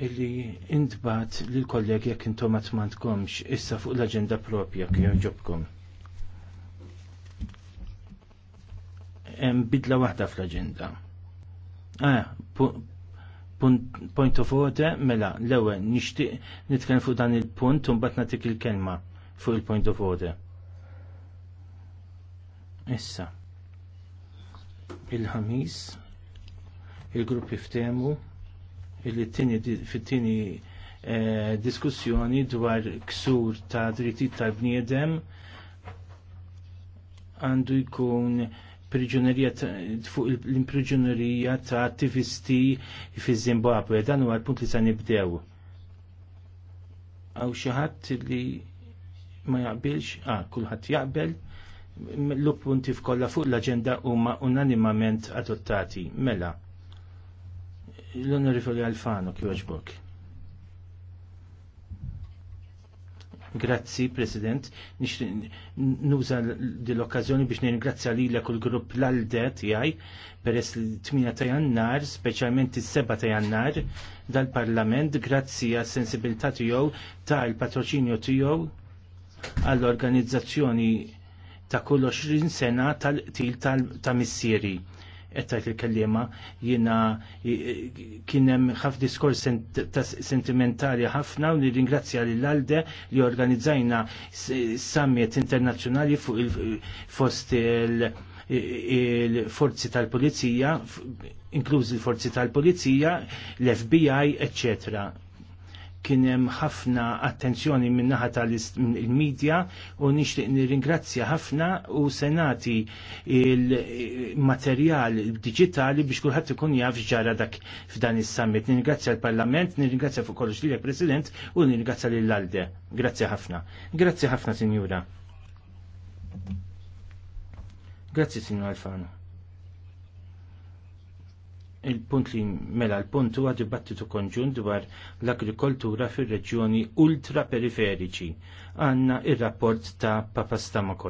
illi intbat li l-kolleg jekk intom għatmantkomx issa fuq l-agenda propja kjo ġobkom. bidla waħda fl-agenda. Ah, point of order, mela, l-ewwel nixtieq nitkellem fuq dan il-punt u mbagħad nagħtik il-kelma fuq il-point of order. Issa. Il-ħamis, il-grupp jiftemu il-tini fit-tini eh, diskussjoni dwar ksur ta' drittijiet tal-bniedem għandu jkun priġunerija fuq l-impriġunerija ta' attivisti fi Zimbabwe. Dan huwa l-punt li sa' nibdew. Għaw xaħat li ma jaqbilx, ah, kullħat jaqbel, l-punti f'kolla fuq l-agenda huma unanimament adottati. Mela, l-onorifoli Alfano kjoġbok. Grazzi, President. Nuża dil-okkazjoni biex ningrazzja li l grupp l jaj per peress l-8 ta' jannar, specialment il seba ta' jannar, dal-parlament, grazzi għas sensibilità tijow ta' il-patroċinju tijow għall-organizzazzjoni ta' kull 20 sena tal til ta' missieri ettajt il-kellima jina kienem ħaf diskors sentimentali ħafna u nirringrazzja li l-alde li organizzajna summit internazzjonali fuq il-fost il-forzi tal-polizija, inkluż il-forzi tal-polizija, l-FBI, eccetera kien hemm ħafna attenzjoni min naħa tal-medja u nixtieq nirringrazzja ħafna u senati il-materjal digitali biex kulħadd ikun jaf x'ġara dak f'dan is-summit. Nirringrazzja l-Parlament, nirringrazzja fuq kollox lilek President u nirringrazzja lil alde Grazzi ħafna. Grazzi ħafna, Sinjura. Grazzi, Sinjura Alfano il-punt li mela l-punt huwa dibattitu konġun dwar l-agrikoltura fir-reġjoni ultraperiferiċi. Għanna ir-rapport ta' Papastamakos.